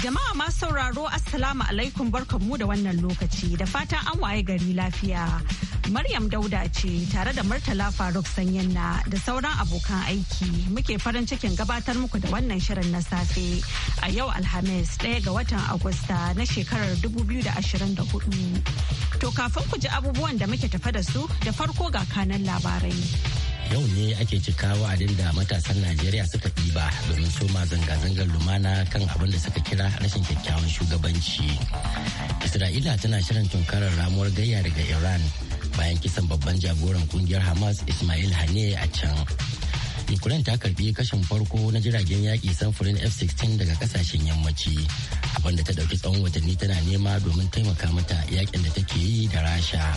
Jama'a masu sauraro Assalamu alaikum barkanmu da wannan lokaci da fatan an waye gari lafiya. Maryam Dauda ce tare da Murtala Faruk sanyinna da sauran abokan aiki muke farin cikin gabatar muku da wannan shirin na safe a yau Alhamis ɗaya ga watan Agusta na shekarar 2024. To kafin ku ji abubuwan da muke tafa da su da farko ga kanan labarai. yau ne ake cika wa'adin da matasan najeriya suka ɗiba domin soma zanga-zangar lumana kan abin da suka kira rashin kyakkyawan shugabanci isra'ila tana shirin tunkarar ramuwar gayya daga iran bayan kisan babban jagoran kungiyar hamas ismail hane a can ukraine ta karbi kashin farko na jiragen yaƙi samfurin f-16 daga kasashen yammaci abinda ta ɗauki tsawon watanni tana nema domin taimaka mata yakin da take yi da rasha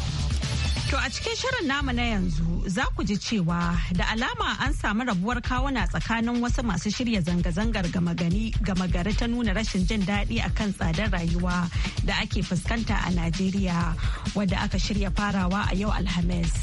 To a cikin shirin namu na yanzu za ku ji cewa da alama an samu rabuwar kawuna tsakanin wasu masu shirya zanga-zangar gama gari ta nuna rashin jin daɗi a kan tsadar rayuwa da ake fuskanta a Najeriya wadda aka shirya farawa a yau Alhamis.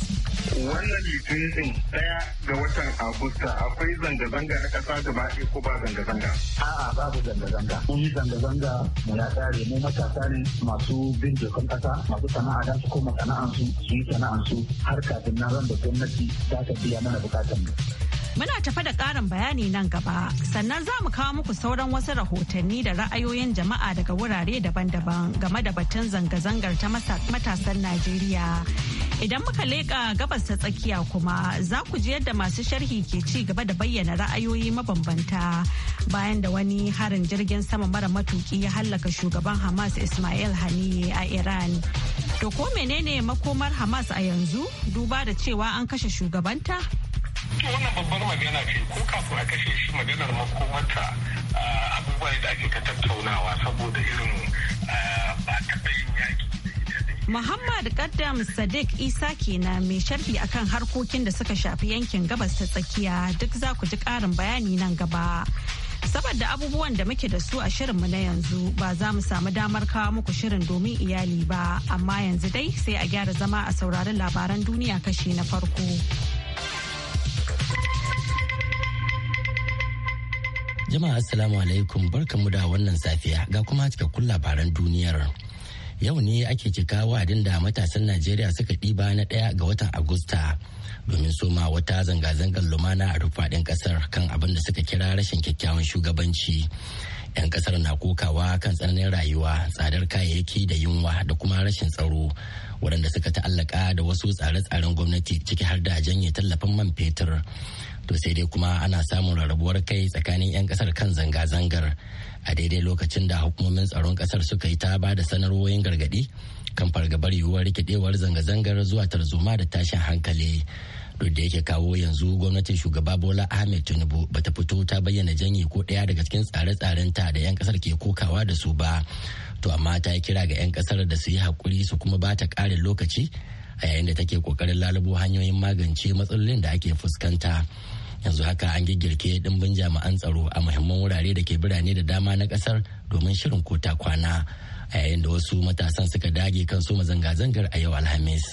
wannan litinin daya ga watan agusta akwai zanga-zanga na kasa da ɗaya ko ba zanga-zanga a'a babu zanga-zanga mun yi zanga-zanga mu ya tsare mu matasa ne masu bin dokan kasa masu sana'a da su koma sana'ansu su yi sana'ansu har kafin na ran da gwamnati za ta biya mana bukatan mu Muna tafa da ƙarin bayani nan gaba, sannan za mu kawo muku sauran wasu rahotanni da ra'ayoyin jama'a daga wurare daban-daban game da batun zanga-zangar ta matasan Najeriya. Idan muka leƙa gabas ta tsakiya kuma za ku ji yadda masu sharhi ke ci gaba da bayyana ra'ayoyi mabambanta bayan da wani harin jirgin sama mara matuki ya hallaka shugaban Hamas Ismail Haniye a Iran. To ko menene makomar Hamas a yanzu duba da cewa an kashe shugabanta? wannan babbar magana ce ko kafin a kashe shi maganar makomarta ah, abubuwa da ake ka tattaunawa saboda irin ah, ba ta yin yaki Muhammad Kaddam Sadiq Isa na mai sharhi akan harkokin da suka shafi yankin gabas ta tsakiya duk za ku ji ƙarin bayani nan gaba. Saboda abubuwan da muke da su a shirinmu na yanzu ba za mu samu damar kawo muku shirin domin iyali ba, amma yanzu dai sai a gyara zama a saurarin labaran duniya kashi na farko. Jama'a Assalamu alaikum barkanmu da wannan safiya ga kuma cikakkun labaran duniyar. yau ne ake cika wa'adin da matasan najeriya suka ɗiba na ɗaya ga watan agusta domin soma wata zanga-zangar lumana a rufaɗin ƙasar kan abin da suka kira rashin kyakkyawan shugabanci 'yan ƙasar na kokawa kan tsananin rayuwa tsadar kayayyaki da yunwa da kuma rashin tsaro waɗanda suka ta'allaka da wasu tsare-tsaren gwamnati ciki har da janye tallafin man fetur to sai dai kuma ana samun rarrabuwar kai tsakanin 'yan ƙasar kan zanga-zangar a daidai lokacin da hukumomin tsaron kasar suka yi ta ba da sanarwoyin gargadi kan fargabar yiwuwar rikidewar zanga-zangar zuwa tarzoma da tashin hankali duk da yake kawo yanzu gwamnatin shugaba bola ahmed tinubu bata fito ta bayyana janye ko ɗaya daga cikin tsare tsaren ta da 'yan kasar ke kokawa da su ba to amma ta yi kira ga 'yan kasar da su yi hakuri su kuma ba ta ƙarin lokaci a yayin da take kokarin lalubo hanyoyin magance matsalolin da ake fuskanta. yanzu haka an giggirke dimbin jami'an tsaro a muhimman wurare da ke birane da dama na kasar domin shirin kota kwana a yayin da wasu matasan suka dage kan su zanga-zangar a yau alhamis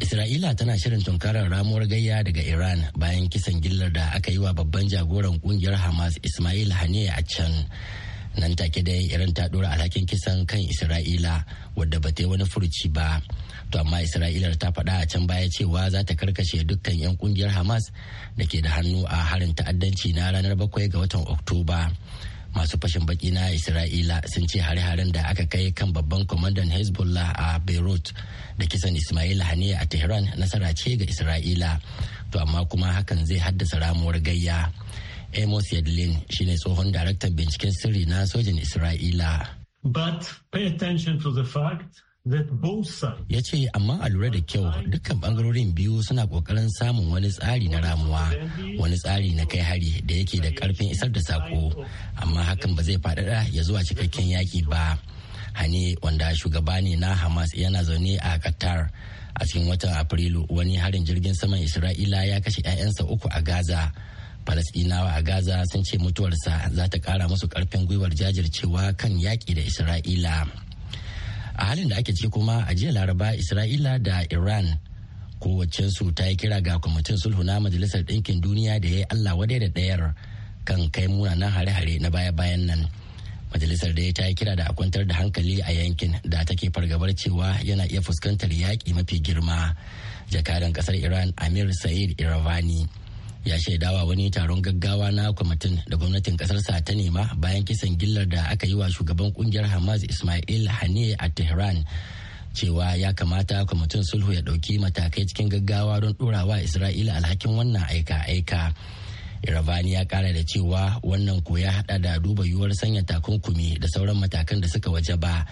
Isra'ila tana shirin tunkarar ramuwar gayya daga Iran bayan kisan gillar da aka yi wa babban jagoran kungiyar Hamas Ismail Haniyeh a can. nan take dai iran ta dora alhakin kisan kan isra'ila wadda ba ta yi wani furuci ba to amma isra'ilar ta faɗa a can baya cewa za ta karkashe dukkan 'yan kungiyar hamas da ke da hannu a harin ta'addanci na ranar bakwai ga watan oktoba masu fashin baki na isra'ila sun ce hare-haren da aka kai kan babban kwamandan hezbollah a beirut da kisan ismail haniya a tehran nasara ce ga isra'ila to amma kuma hakan zai haddasa ramuwar gayya Amos shi shine tsohon daraktan binciken sirri na sojin Isra'ila. But pay attention to the fact ya ce amma a lura da kyau dukkan bangarorin biyu suna kokarin samun wani tsari na ramuwa wani tsari na kai hari da yake da karfin isar da sako amma hakan ba zai faɗaɗa ya zuwa cikakken yaki ba hani wanda shugaba ne na hamas yana zaune a qatar a cikin watan afrilu wani harin jirgin saman isra'ila ya kashe 'ya'yansa uku a gaza Falasɗinawa a Gaza sun ce mutuwarsa za ta ƙara musu karfin gwiwar jajircewa kan yaƙi da Isra'ila. A halin da ake ciki kuma a jiya Laraba Isra'ila da Iran kowace su ta yi kira ga kwamitin sulhu na Majalisar Ɗinkin Duniya da ya yi Allah wadai da ɗayar kan kai munanan hare-hare na baya-bayan nan. Majalisar da ya ta yi kira da a kwantar da hankali a yankin da take fargabar cewa yana iya fuskantar yaƙi mafi girma. Jakadan ƙasar Iran Amir Sa'id Iravani. ya shaidawa wani taron gaggawa na kwamitin da gwamnatin kasarsa ta nema bayan kisan gillar da aka yi wa shugaban kungiyar hamas ismail hane a tehran cewa ya kamata kwamitin sulhu ya dauki matakai cikin gaggawa don dorawa isra'ila alhakin wannan aika-aika iravani ya kara da cewa wannan ko ya hada da duba yiwuwar sanya takunkumi da sauran matakan da suka waje ba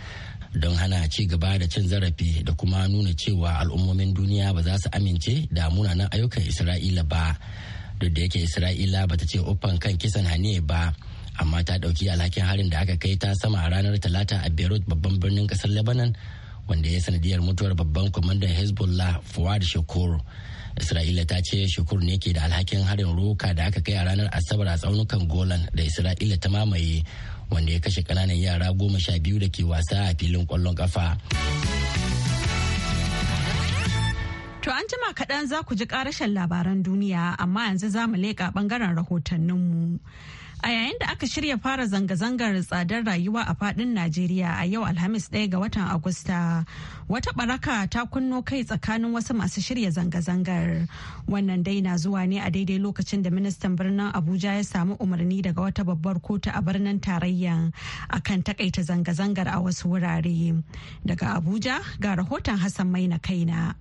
don hana ci gaba da cin zarafi da kuma nuna cewa al'ummomin duniya ba za su amince da munanan ayyukan isra'ila ba duk da yake isra'ila bata ce uffan kan kisan hane ba amma ta ɗauki alhakin harin da aka kai ta sama a ranar talata a beirut babban birnin ƙasar lebanon wanda ya sanadiyar mutuwar babban kwamandan hezbollah fuad shakur isra'ila ta ce shakur ne ke da alhakin harin roka da aka kai a ranar asabar a tsaunukan golan da isra'ila ta mamaye wanda ya kashe ƙananan yara goma sha biyu da ke wasa a filin kwallon ƙafa To an jima kaɗan za ku ji ƙarashin labaran duniya amma yanzu za mu leƙa ɓangaren rahotanninmu. A yayin da aka shirya fara zanga-zangar tsadar rayuwa a faɗin Najeriya a yau Alhamis ɗaya ga watan Agusta, wata ɓaraka ta kunno kai tsakanin wasu masu shirya zanga-zangar. Wannan dai na zuwa ne a daidai lokacin da ministan birnin Abuja ya samu umarni daga wata babbar kotu a birnin Tarayya. A kan takaita zanga-zangar a wasu wurare. Daga Abuja ga rahoton Hassan Maina kaina.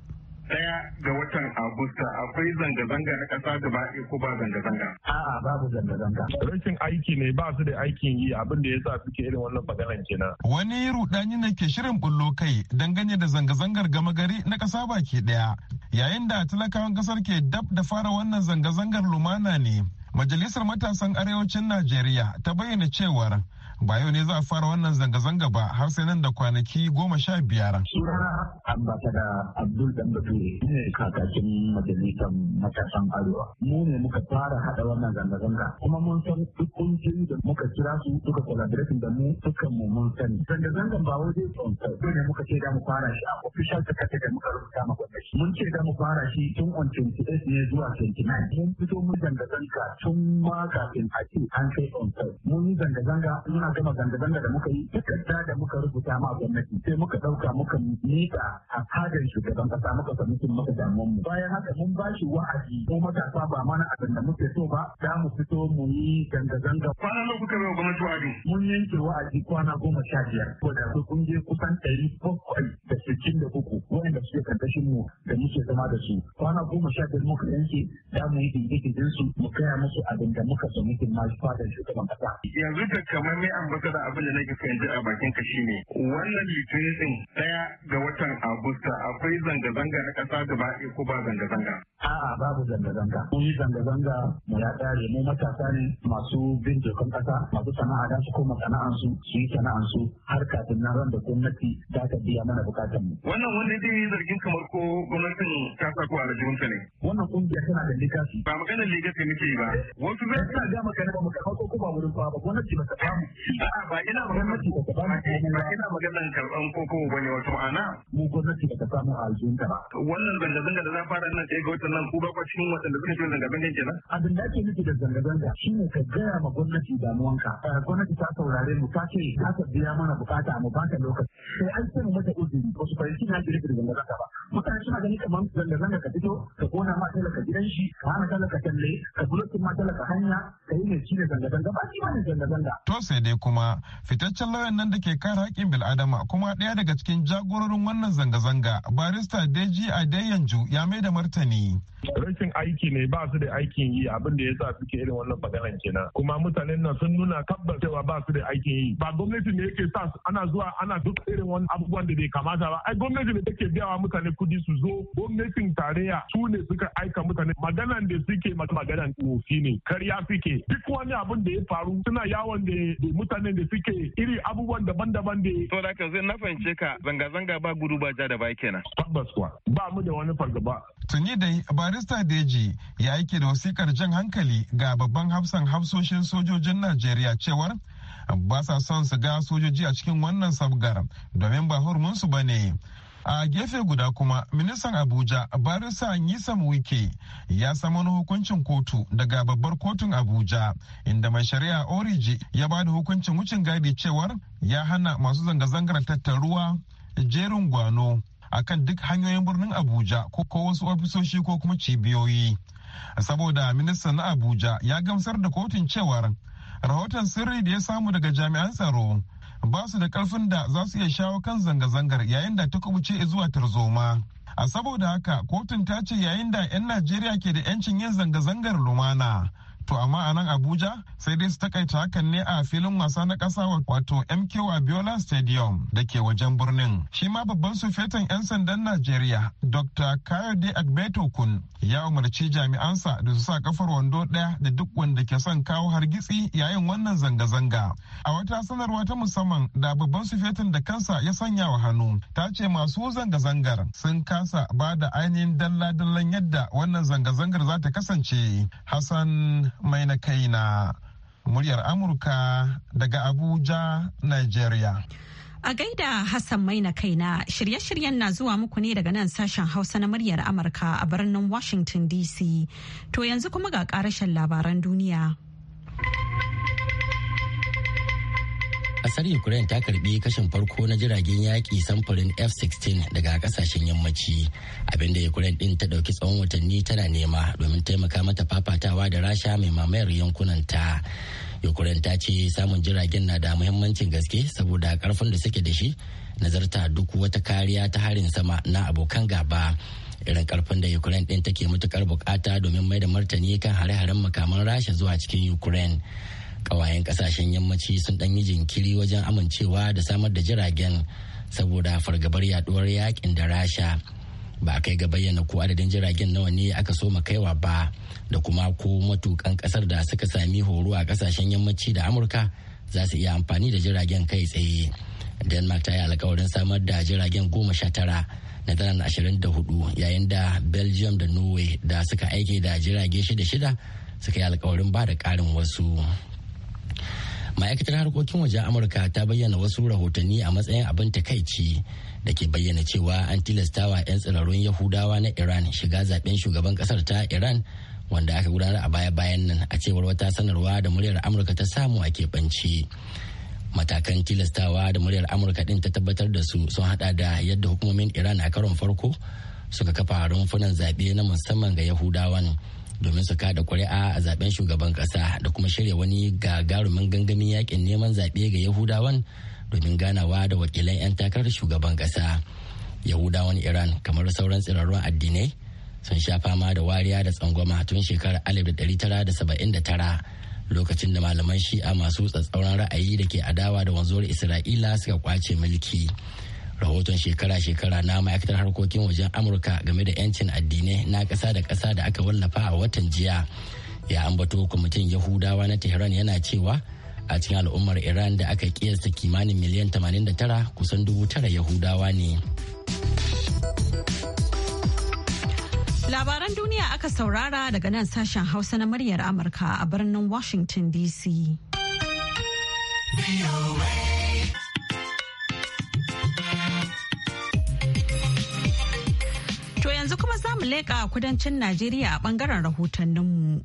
daya ga watan Agusta akwai zanga-zanga na ƙasa da ɗaya ko ba zanga-zanga? A'a babu zanga-zanga. Rashin aiki ne ba su da aikin yi abin da ya sa suke irin wannan faganan kenan. Wani rudani ne ke shirin bullo kai dangane da zanga-zangar gama gari na ƙasa baki ɗaya yayin da talakawan ƙasar ke dab da fara wannan zanga-zangar lumana ne. Majalisar Matasan Arewacin Najeriya ta bayyana cewar ba yau ne za a fara wannan zanga-zanga ba har sai nan da kwanaki goma sha biyar. Sunana ambata da Abdul Dan ne kakakin majalisar matasan Arewa. Mu ne muka fara haɗa wannan zanga-zanga kuma mun san duk kungiyoyi da muka kira su duka collaborating da mu dukkan mu mun sani. Zanga-zangan ba wai dai tsonsa ne muka ce da mu fara shi a official secretary da muka rubuta ma gwamnati. Mun ce da mu fara shi tun on 28 ne zuwa 29. Mun fito mun zanga-zanga tun ma kafin a ce an kai tsonsa. Mun yi zanga-zanga muna gama ganga zanga da muka yi takarda da muka rubuta ma gwamnati sai muka ɗauka muka miƙa a fadar shugaban kasa muka samu masa damuwan mu bayan haka mun ba shi wa'azi ko matasa ba mana abin da muke so ba za mu fito mu yi zanga-zanga. Kwana nawa kuka bai gwamnati wa'azi? Mun yanke wa'azi kwana goma sha biyar. Ko da su kun je kusan ɗari bakwai da sittin da uku da suke karkashin mu da muke zama da su. Kwana goma sha biyar muka yanke za mu yi dindindin su mu kaya musu abin da muka cin ma fadar shugaban kasa. Yanzu da kamar ne da abin da nake so in a bakin ka shine wannan litinin din daya ga watan agusta akwai zanga-zanga na kasa gaba ko ba zanga-zanga A'a babu zanga-zanga. Mun yi zanga-zanga mu ya tsare mu matasa ne masu bin dokan ƙasa masu sana'a da su koma sana'ansu su yi sana'ansu har kafin na ran da gwamnati za ta biya mana buƙatar mu. Wannan wani dai zargin kamar ko gwamnatin ta sa ko aljihunta ne. Wannan kungiya tana da ligasi. Ba maganar ligasi muke ba. Wasu bai sa ga magana ba mu karɓa ko kuma wurin ba ba gwamnati ba ta ba mu. A'a ba ina gwamnati ba ta ba samu. Ba ina maganar karɓan ko ko bane wato ma'ana. Mu gwamnati ba ta ba samu aljihunta ba. Wannan zanga-zanga da za fara nan sai ga wata sannan ku ba cikin waɗanda suka shiga zanga-zangan kenan. Abin da ake nufi da zanga-zanga shi ne ka gaya ma gwamnati damuwanka. Eh, gwamnati ta saurare mu ta ce za ta biya mana bukata mu ta lokaci. Sai an ce mata izini wasu su fahimci na ke da zanga-zanga ba. gani kamar zanga zanga ka fito ka kona ma talaka gidan shi ka hana talaka talle ka bulokin ma talaka hanya ka yi mai shi da zanga zanga ba shi ne zanga zanga. To sai dai kuma fitaccen lauyan nan da ke kare haƙƙin bil'adama kuma ɗaya daga cikin jagororin wannan zanga zanga barista Deji Adeyanju ya mai da martani. rashin aiki ne ba su da aikin yi abin da ya sa suke irin wannan maganan kenan kuma mutanen nan sun nuna tabbas cewa ba su da aikin yi ba gwamnati ne yake sa ana zuwa ana duk irin wani abubuwan da bai kamata ba ai gwamnati ne take biyawa mutane kudi su zo gwamnatin tarayya su ne suka aika mutane maganan da suke maganan kofi ne karya suke duk wani abin da ya faru suna yawon da mutanen da suke iri abubuwan daban-daban da to da ka zai na fahimce ka zanga-zanga ba gudu ba ja da ba kenan tabbas kuwa ba mu da wani fargaba tuni dai ba Barista Deji ya aike da wasikar jan hankali ga babban hafsan hafsoshin sojojin Najeriya cewar ba sa son su ga sojoji a cikin wannan sabgar domin ba hurminsu ba ne. a gefe guda kuma ministan abuja barisa nisan wike ya samu wani hukuncin kotu daga babbar kotun abuja inda mai shari'a oriji ya ba da hukuncin wucin gadi cewar ya hana masu zanga-zangar tattaruwa jerin gwano akan duk hanyoyin birnin Abuja ko wasu ofisoshi ko kuma cibiyoyi. Saboda ministan na Abuja ya gamsar da kotun cewar rahoton sirri da ya samu daga jami'an tsaro ba su da karfin da za su iya shawo kan zanga-zangar yayin da ta kubuce zuwa tarzoma. A saboda haka kotun ta ce yayin da 'yan Najeriya ke da 'yancin yin zanga-zangar lumana To amma a nan Abuja sai dai su takaita hakan ne a filin wasa na ƙasa wato MK Wabiola Stadium da ke wajen birnin. Shi ma babban sufetan 'yan sandan Najeriya Dr. Kayode Agbeto Kun ya umarci jami'ansa da su sa kafar wando ɗaya da duk wanda ke son kawo hargitsi yayin wannan zanga-zanga. A wata sanarwa ta musamman da babban sufetan da kansa ya sanya wa hannu ta ce masu zanga-zangar sun kasa ba da ainihin dalla-dallan yadda wannan zanga-zangar za ta kasance. Hassan mai na kai muryar Amurka daga Abuja, Nigeria. A gaida Hassan mai na kaina shirye-shiryen na zuwa muku ne daga nan sashen Hausa na muryar Amurka a birnin Washington DC. To yanzu kuma ga karashen labaran duniya. kasar ukraine ta karbi kashin farko na jiragen yaƙi samfurin f-16 daga kasashen yammaci abinda ukraine din ta ɗauki tsawon watanni tana nema domin taimaka mata fafatawa da rasha mai mamayar yankunanta ukraine ta ce samun jiragen na da muhimmancin gaske saboda karfin da suke da shi nazarta duk wata kariya ta harin sama na abokan gaba irin karfin da ukraine din take matukar bukata domin mai da martani kan hare-haren makaman rasha zuwa cikin ukraine ƙawayen ƙasashen yammaci sun ɗan yi jinkiri wajen amincewa da samar da jiragen saboda fargabar yaduwar yakin da rasha ba a kai ga bayyana ko adadin jiragen nawa ne aka so ma kaiwa ba da kuma ko matukan kasar da suka sami horo a kasashen yammaci da amurka za su iya amfani da jiragen kai tsaye denmark ta yi alkawarin samar da jiragen goma sha tara na tsanan ashirin da hudu yayin da belgium da norway da suka aike da jirage shida shida suka yi alkawarin ba da karin wasu ma'aikatar harkokin wajen amurka ta bayyana wasu rahotanni a matsayin abin takaici da ke bayyana cewa an tilastawa 'yan tsirarun yahudawa na iran shiga zaben shugaban kasar ta iran wanda aka gudanar a baya-bayan nan a cewar wata sanarwa da muryar amurka ta samu a keɓance matakan tilastawa da muryar amurka din ta tabbatar da su sun hada da yadda hukumomin iran a karon farko suka kafa rumfunan zaɓe na musamman ga yahudawan domin su kada kuri'a a zaben shugaban kasa da kuma shirya wani gagarumin gangamin yakin neman zaɓe ga yahudawan domin ganawa da wakilan 'yan takarar shugaban kasa yahudawan iran kamar sauran tsirarrun addinai sun sha fama da wariya da tsangwama tun shekarar 1979 lokacin da malaman shi'a masu tsatsauran ra'ayi da ke adawa da wanzuwar isra'ila suka kwace mulki rahoton shekara-shekara na ma'aikatar harkokin wajen amurka game da 'yancin addinai na ƙasa da ƙasa da aka wallafa a watan jiya ya ambato kwamitin yahudawa na tehran yana cewa a cikin al'ummar iran da aka kiyasta kimanin miliyan 89 kusan dubu tara yahudawa ne labaran duniya aka saurara daga nan sashen hausa na muryar amurka a birnin washington dc yanzu kuma za mu leƙa kudancin Najeriya a ɓangaren rahotanninmu.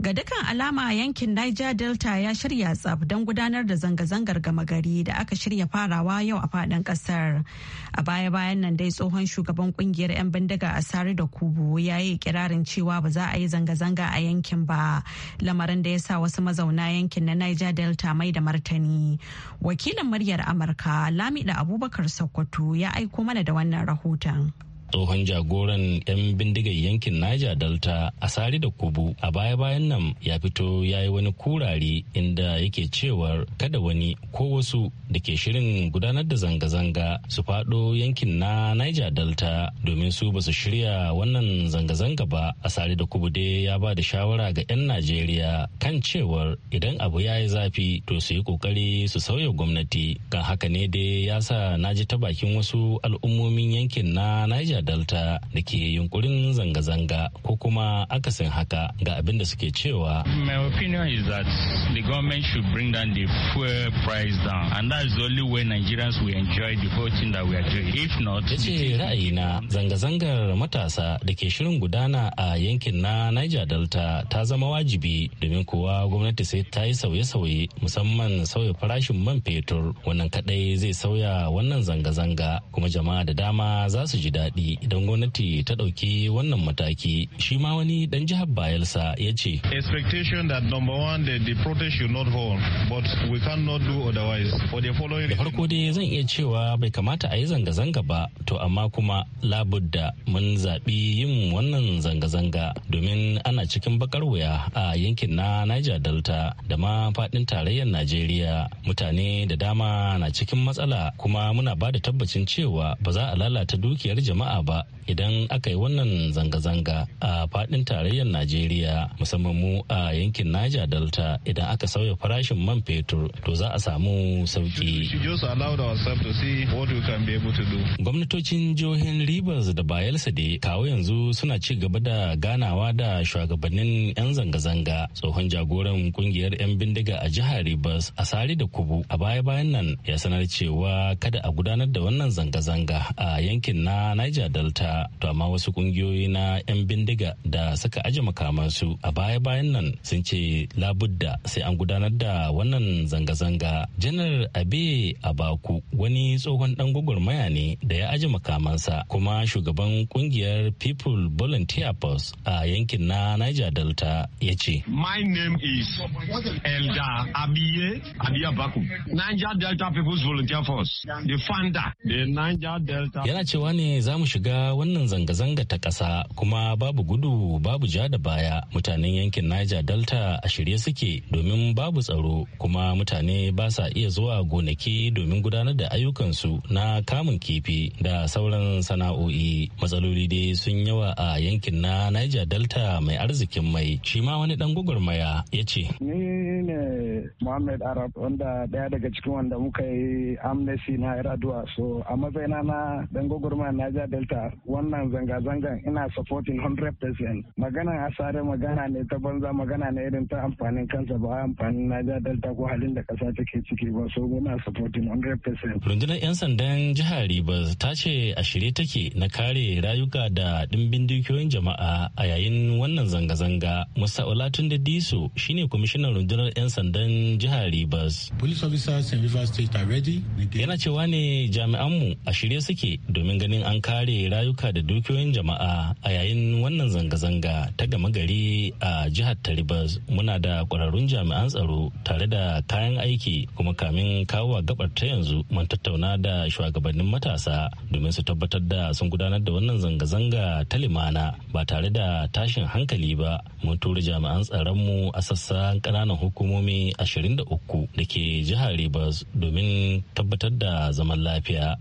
Ga dukkan alama yankin Niger Delta ya shirya tsab don gudanar da zanga-zangar gama gari da aka shirya farawa yau a faɗin ƙasar. A baya-bayan nan dai tsohon shugaban kungiyar 'yan bindiga a Sare da Kubu ya yi kirarin cewa ba za a yi zanga-zanga a yankin ba, lamarin da ya sa wasu mazauna yankin na Niger Delta mai da martani. Wakilin muryar Amurka Lamida Abubakar Sokoto ya aiko mana da wannan rahoton. tsohon jagoran 'yan bindigar yankin Niger Delta a sari da kubu a baya-bayan nan ya fito ya yi wani kurare inda yake cewar kada wani ko wasu da ke shirin gudanar da zanga-zanga su faɗo yankin na Niger Delta domin su ba su shirya wannan zanga-zanga ba a sari da kubu dai ya ba da shawara ga 'yan Najeriya kan cewar idan abu ya yi zafi to su yi kokari su sauya gwamnati kan haka ne dai ya sa na ji ta bakin wasu al'ummomin yankin na Niger Delta da ke yunkurin zanga-zanga ko kuma akasin haka ga abin da suke cewa. My opinion is that the government should bring down the fuel price down and that is the only way Nigerians will enjoy the whole thing that we are doing. If not, ya ce ra'ayina zanga-zangar matasa da ke shirin gudana a yankin na Niger Delta ta zama wajibi domin kowa gwamnati sai ta yi sauye-sauye musamman sauya farashin man fetur wannan kadai zai sauya wannan zanga-zanga kuma jama'a da dama za su ji daɗi idan gwamnati ta ɗauki wannan mataki shi ma wani ɗan jihar bayelsa ya ce expectation that number one the, the protest should not hold but we cannot do otherwise da farko dai zan iya cewa bai kamata a yi zanga-zanga ba to amma kuma labudda mun zaɓi yin wannan zanga-zanga domin ana cikin bakar wuya a yankin na niger delta da ma faɗin tarayyar najeriya mutane da dama na cikin matsala kuma muna ba da tabbacin cewa ba za a lalata dukiyar jama'a ba idan aka yi wannan zanga-zanga a fadin tarayyar najeriya musamman mu a yankin naja delta idan aka sauya farashin man fetur to za a samu sauki gwamnatocin jihohin rivers da bayelsa da kawo yanzu suna ci gaba da ganawa da shugabannin 'yan zanga-zanga tsohon jagoran kungiyar 'yan bindiga a jihar rivers a sari da kubu a baya-bayan nan ya sanar cewa kada a gudanar da wannan zanga-zanga a yankin na niger delta to amma wasu kungiyoyi na 'yan bindiga da suka aje makamansu a baya-bayan nan sun ce labudda sai an gudanar da wannan zanga-zanga janar abe abaku wani tsohon dan gwagwarmaya ne da ya aje makamansa kuma shugaban kungiyar people volunteer force a yankin na niger delta ya ce my name is elda abiye abiye abaku niger delta people's volunteer force the founder the niger delta yana cewa ne za mu shiga wannan zanga-zanga ta ƙasa kuma babu gudu babu ja da baya mutanen yankin Niger Delta a shirye suke domin babu tsaro kuma mutane ba sa iya zuwa gonaki domin gudanar da ayyukansu na kamun kifi da sauran sana'o'i. Matsaloli dai sun yawa a yankin na Niger Delta mai arzikin mai. Shi ma wani dan gwagwarmaya ya ce. Muhammad Arab wanda daga cikin wanda muka yi amnesty na Iraduwa so a matsayina na ɗan gwagwarmaya Niger delta wannan zanga-zangan ina supporting 100% maganan asare magana ne ta banza magana ne irin ta amfanin kansa ba amfanin naja delta ko halin da kasa take ciki ba so muna supporting 100% rundunar 'yan sandan jihar rivers ta ce a shirye take na kare rayuka da dimbin dukiyoyin jama'a a yayin wannan zanga-zanga musa olatunde diso shine kwamishinan rundunar 'yan sandan jihar rivers police officers in rivers state are ready yana cewa ne jami'an mu a shirye suke domin ganin an kare kare rayuka da dukiyoyin jama'a a yayin wannan zanga-zanga ta gama gari a jihar taribas muna da kwararrun jami'an tsaro tare da kayan aiki kuma kamin kawo gabar ta yanzu mun tattauna da shugabannin matasa domin su tabbatar da sun gudanar da wannan zanga-zanga ta limana ba tare da tashin hankali ba mun tura jami'an tsaronmu a sassan ƙananan hukumomi 23 da ke jihar ribas domin tabbatar da zaman lafiya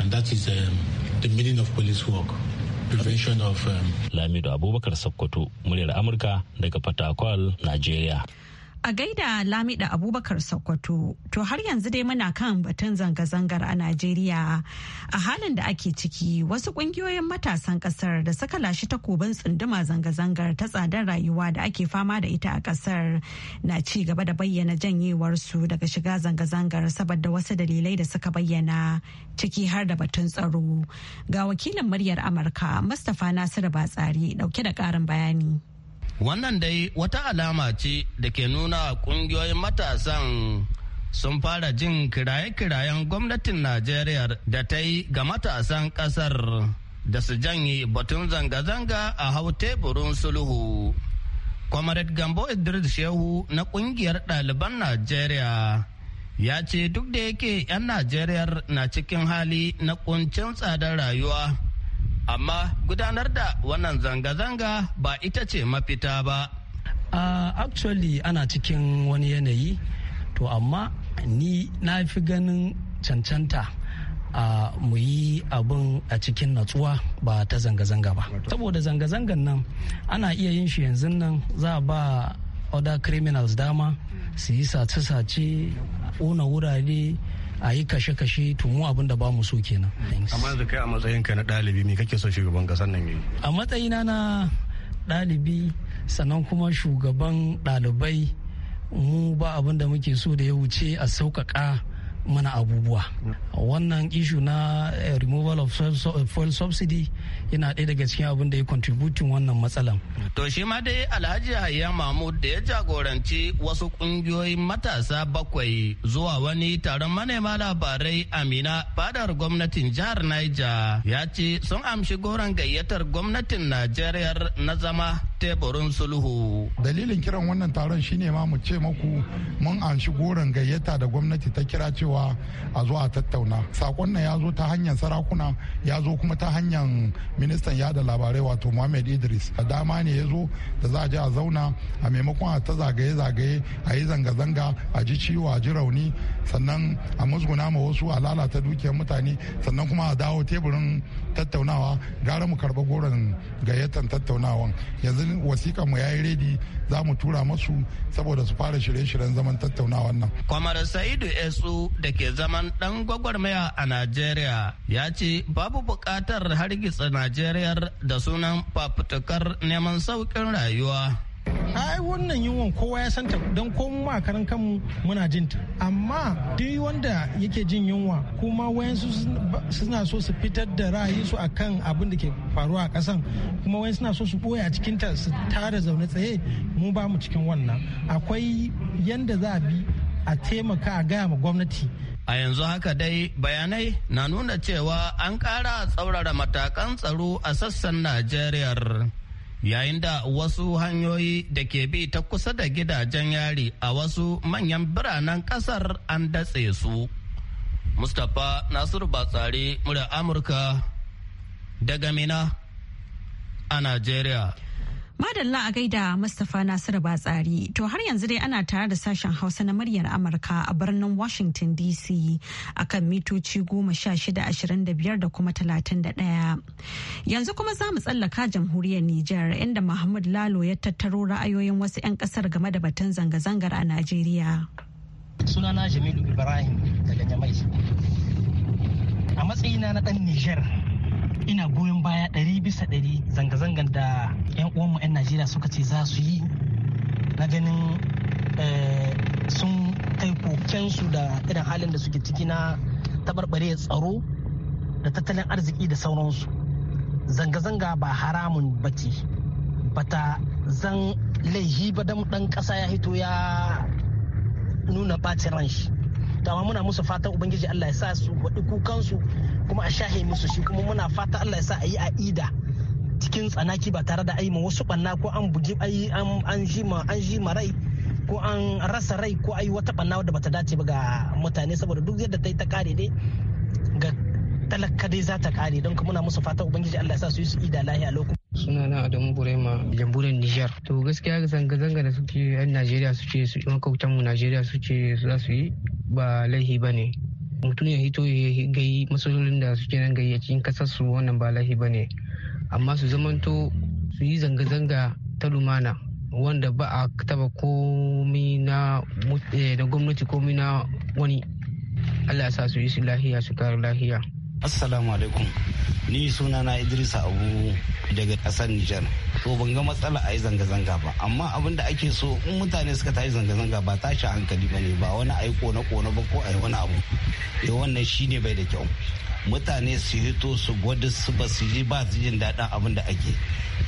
and that is um, the meaning of police work. Prevention of um... Lamido Abubakar Sokoto, muryar Amurka daga Fatakwal, Nigeria. A gaida Lamida Abubakar Sokoto, to har yanzu dai muna kan batun zanga-zangar a Najeriya. A halin da ake ciki, wasu kungiyoyin matasan kasar da suka lashi takobin tsunduma zanga-zangar ta tsadar rayuwa da ake fama da ita a kasar na ci gaba da bayyana janyewar su daga shiga zanga-zangar saboda wasu dalilai da suka bayyana ciki har da batun tsaro. Ga wakilin muryar Amurka, Mustapha Nasiru Batsari dauke da karin bayani. Wannan dai wata alama ce da ke nuna kungiyoyin matasan sun fara jin kiraye-kirayen gwamnatin Najeriya da ta yi ga matasan ƙasar da su janye batun zanga-zanga a hau teburin sulhu. Comrade Gambo Idris Shehu na ƙungiyar ɗaliban Najeriya ya ce duk da yake 'yan Najeriya na cikin hali na kuncin tsadar rayuwa. amma gudanar da wannan zanga-zanga ba ita ce mafita ba. Uh, actually ana cikin wani yanayi to amma ni na fi ganin cancanta a mu yi abin a cikin natsuwa ba ta zanga-zanga ba saboda zanga-zangan nan ana iya yin shi yanzu nan za ba other criminals dama su yi sace-sace una wurare a yi kashe-kashe to mu abin da ba mu so kenan. amma da kai a matsayin ka na ɗalibi me kake so shugaban ƙasar nan yi. a matsayina na ɗalibi sannan kuma shugaban ɗalibai mu ba abin da muke so da ya wuce a sauƙaƙa mana abubuwa wannan ishu na eh, removal of eh, fuel subsidy yana ɗaya daga cikin abin da ya contributin wannan matsalan. To shi ma dai Alhaji Hayya Mahmud da ya jagoranci wasu ƙungiyoyin matasa bakwai zuwa wani taron manema labarai Amina fadar gwamnatin jihar Niger ya ce sun amshi goron gayyatar gwamnatin Najeriya na zama teburin sulhu. Dalilin kiran wannan taron shine ma mu ce maku mun amshi goron gayyata da gwamnati ta kira cewa a zuwa tattauna barna sakon nan ya zo ta hanyar sarakuna ya zo kuma ta hanyar ministan yada labarai wato muhammad idris a dama ne ya zo da za a je a zauna a maimakon a ta zagaye-zagaye a yi zanga-zanga a ji ciwo a ji rauni sannan a musguna ma wasu a lalata dukiyar mutane sannan kuma a dawo teburin tattaunawa gara mu karba goron gayyatan tattaunawan yanzu wasiƙa mu yayi redi za mu tura masu saboda su fara shirye-shiryen zaman tattaunawan nan. Kwamar Sa'idu Esu da ke zaman ɗan gwagwarmaya a Najeriya ya ce babu buƙatar hargitsa najeriyar da sunan fafutukar neman sauƙin rayuwa. ai wannan yunwan kowa ya santa don ko ma karan kanmu muna jinta amma duk wanda yake jin yunwa kuma wayansu suna so su fitar da ra'ayi su akan abin da ke faruwa a kasan kuma wayansu suna so su boye a cikin ta su tara zaune tsaye mu ba mu cikin wannan akwai yanda za a bi a taimaka a gaya ma gwamnati A yanzu haka dai bayanai na nuna cewa an ƙara tsaurara matakan tsaro a sassan Najeriya. yayin da wasu hanyoyi da ke bi ta kusa da gidajen yari a wasu manyan biranen kasar an datse su. Mustapha Nasiru Batsari murar Amurka daga Mina a Najeriya. Madalla a gaida Mustapha Nasiru Batsari. To har yanzu dai ana tare da sashen Hausa na muryar Amurka a birnin Washington DC a kan mitoci goma sha shida ashirin da biyar da kuma talatin da ɗaya. Yanzu kuma za mu tsallaka jamhuriyar Nijar inda Mahmud Lalo ya tattaro ra'ayoyin wasu 'yan ƙasar game da batun zanga-zangar a Najeriya. Sunana Jamilu Ibrahim daga Nyamai. A matsayina na ɗan Nijar ina goyon baya ɗari bisa ɗari zanga-zangan da 'yan uwanmu 'yan najeriya suka ce za su yi na ganin eh, sun kai kokensu da irin halin da suke ciki na tabarbare tsaro da tattalin arziki da sauransu zanga-zanga ba haramun bace bata zan laihi ba dan ɗan ƙasa ya hito ya nuna bacin ran shi dama muna musu fatan ubangiji Allah ya sa su waɗi kukansu kuma a shahe musu shi kuma muna fata Allah ya sa a yi a ida cikin tsanaki ba tare da aima wasu banna ko an bugi an jima an jima rai ko an rasa rai ko ayi wata banna wadda bata dace ba ga mutane saboda duk yadda ta yi ta kare dai ga talaka dai za ta kare don kuma muna musu fata ubangiji Allah ya sa su yi su ida lahiya lokacin suna na adamu burema jamburan nijar to gaskiya zanga-zanga da suke yan najeriya suke su yan kautan mu najeriya suke za su yi ba laihi ba ne mutum ya hito ya gai masololin da suke nan in kasar su wannan ba lahi ba ne amma su zamanto su yi zanga-zanga ta lumana wanda ba a taba komi eh, na gwamnati komi na wani allah sa su yi su lahiya su kare lahiya Assalamu alaikum. Ni na Idrisa Abu daga ƙasar Nijar. To ban ga matsala a yi zanga-zanga ba. Amma abin da ake so in mutane suka tashi zanga-zanga ba tashi hankali ba ne ba wani a yi kone-kone ba ko a wani abu. Ya eh, wannan shine bai da kyau. Mutane su hito su gwada su ba su ji ba su jin daɗin abin da ake.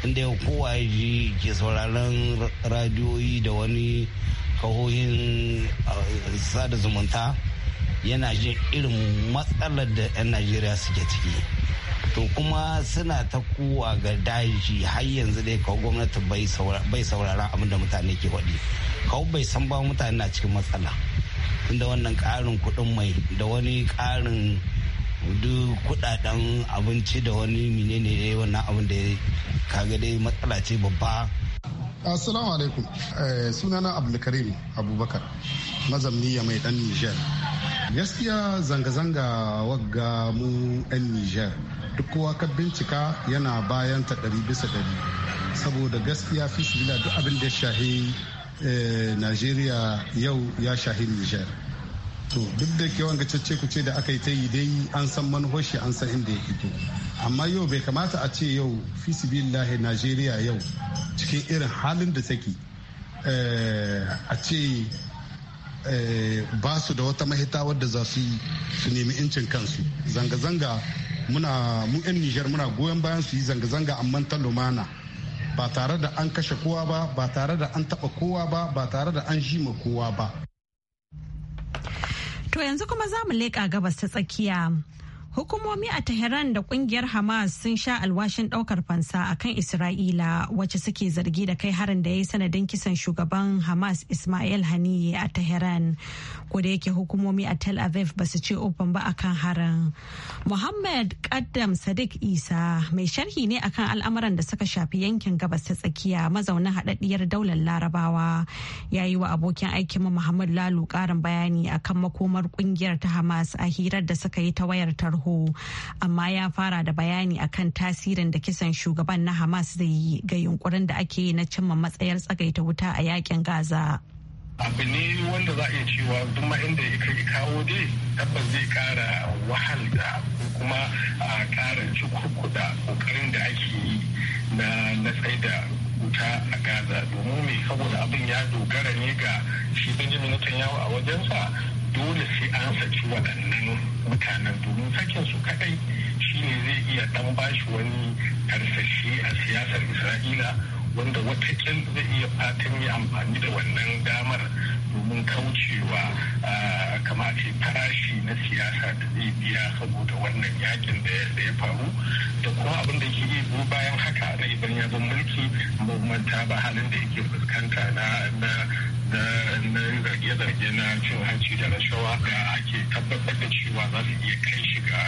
Inda yau kowa ya ji ke sauraron radiyoyi da wani kahohin ah, sada zumunta. yana jin irin matsalar da 'yan najeriya suke ciki to kuma suna ta kowa ga daji har yanzu dai kawo gwamnati bai sauraron abin da mutane ke waɗi kawo bai san ba mutane na cikin matsala tunda wannan ƙarin kuɗin mai da wani ƙarin duk kudaden abinci da wani menene ne wannan abin da kaga dai matsala ce babba assalamu alaikum eh, sunana abdulkarim abubakar mazamni ya mai dan nijar gaskiya zanga-zanga wagga mu 'yan niger duk kowa ka bincika yana bayan ta ɗari bisa ɗari saboda gaskiya fi duk abin da shahi eh, nigeria yau ya shahi niger to duk da ke wanga cece ce da aka yi ta yi dai an san manhoshi an san inda ya fito amma yau bai kamata a ce yau fi fisibillahi najeriya yau cikin irin halin da take eh, a ce Eh, ba da wata mahita wadda za su su nemi incin kansu zanga-zanga muna mu 'yan nijar muna goyon bayan su yi zanga-zanga amma ta lumana ba tare da an kashe kowa ba ba tare da an taba kowa ba ba tare da an shima kowa ba to yanzu kuma za mu leƙa gabas ta tsakiya Hukumomi a Tehran da kungiyar Hamas sun sha alwashin daukar fansa a kan Isra'ila wacce suke zargi da kai harin da ya yi sanadin kisan shugaban Hamas Ismail Haniye a Tehran. Ko da yake hukumomi a Tel Aviv ba su ce open ba a kan harin. Muhammad Kaddam Sadiq Isa mai sharhi ne akan al'amuran da suka shafi yankin gabas ta tsakiya mazaunin haɗaɗɗiyar daular Larabawa ya yi wa abokin aikinmu Muhammad Lalu ƙarin bayani akan makomar ƙungiyar ta Hamas a hirar da suka yi ta wayar tarho. Netanyahu amma ya fara da bayani akan tasirin da kisan shugaban na hamas zai yi ga yunkurin da ake yi na cimma matsayar tsagaita wuta a yakin gaza abu ne wanda za a iya cewa duk ma inda ya kai kawo dai tabbas zai kara wahalda ko kuma a kara cikurkuda kokarin da ake yi na na da wuta a gaza domin mai saboda abin ya dogara ne ga shi benjamin netanyahu a wajensa dole sai an saki waɗannan mutanen domin sakin su kadai shine zai iya dan bashi wani karsashi a siyasar isra'ila wanda watakil zai iya fatan yi amfani da wannan damar domin kaucewa kamar farashi na siyasa da zai biya saboda wannan yakin da ya faru da kuma abin da ke iya bayan haka na idan ya zo mulki ba halin da yake fuskanta na na zarge-zarge na cin hanci da rashawa da ake tabbatar da cewa za su iya kai shi ga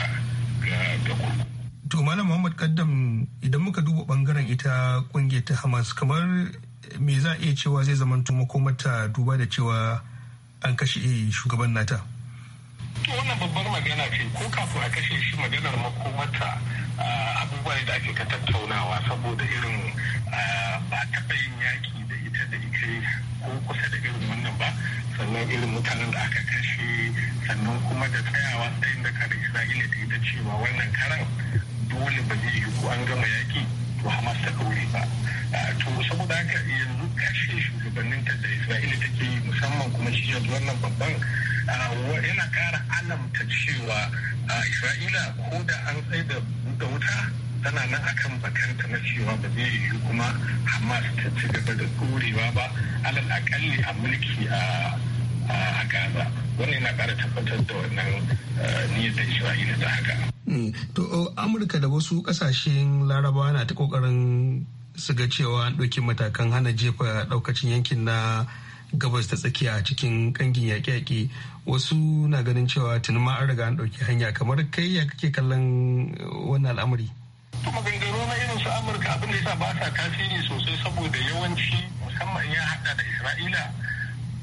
kurkuku. To Malam Muhammad Kaddam idan muka duba bangaren ita kungiyar ta Hamas kamar me za a iya cewa zai zama taimako mata duba da cewa an kashe shugaban nata. wannan babbar magana ce ko kafin a kashe shi maganar makomata abubuwa da ake ka tattaunawa saboda irin ba ta yin yaki da ita da ita ko kusa da irin wannan ba sannan irin mutanen da aka kashe sannan kuma da tsayawa tsayin da kare isra'ila ta yi ta cewa wannan karan dole ba zai yi ko an gama yaki to hamas ta kaure ba to saboda haka yanzu kashe shugabannin ta da isra'ila take yi musamman kuma shi yanzu wannan babban yana kara alamta cewa isra'ila ko da an tsaye da wuta tana nan akan bakanta na cewa ba zai yiwu kuma hamas ta ci gaba da ɗorewa ba alal akalli a mulki a gaza wannan yana kara tabbatar da wannan eh, niyyar da isra'ila ta haka hmm, to amurka da wasu kasashen larabawa na ta ƙoƙarin su ga cewa an ɗauki matakan hana jefa ɗaukacin yankin na gabas ta tsakiya cikin kangin yaƙe-yaƙe wasu na ganin cewa tuni ma an riga an ɗauki hanya kamar kai ya kake kallon eh, wannan al'amari. maganganu na irin su amurka abin da yasa ba sa tasiri sosai saboda yawanci musamman ya hada da isra'ila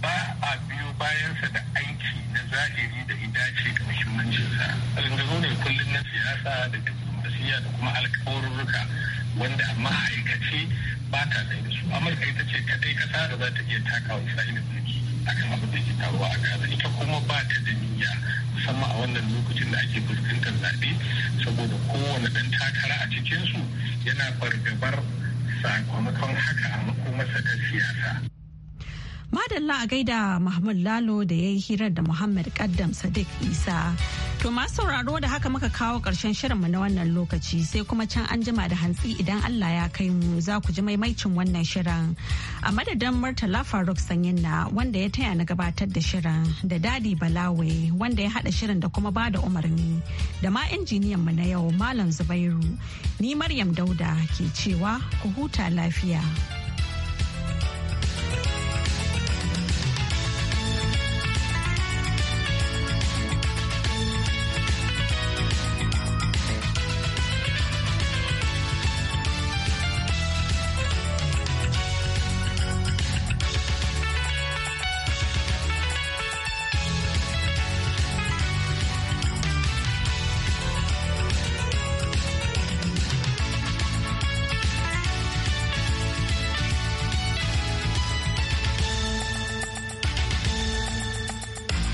ba a biyo bayansa da aiki na zahiri da idace da muhimmancinsa maganganu ne kullum na siyasa da diplomasiya da kuma alkawarurruka wanda amma aikace ba ta tsaye da su amurka ita ce kadai kasa da za ta iya takawa isra'ila mulki akan abin da ke taruwa a gaza ita kuma ba ta da niyya musamman a wannan lokacin da ake fuskantar zaɓe saboda kowane ɗan takara a cikinsu yana fargabar sakamakon haka a makomarsa ta siyasa. Madalla a gaida muhammad Lalo da ya yi hirar da Muhammad Kaddam Sadiq Isa. To masu sauraro da haka muka kawo ƙarshen shirinmu na wannan lokaci sai kuma can an jima da hantsi idan Allah ya kai mu za ku ji maimaicin wannan shirin. A madadin Murtala Faruk Sanyinna wanda ya taya na gabatar da shirin da Dadi Balawe wanda ya haɗa shirin da kuma ba da umarni da ma injiniyan mu na yau Malam Zubairu. Ni Maryam Dauda ke cewa ku huta lafiya.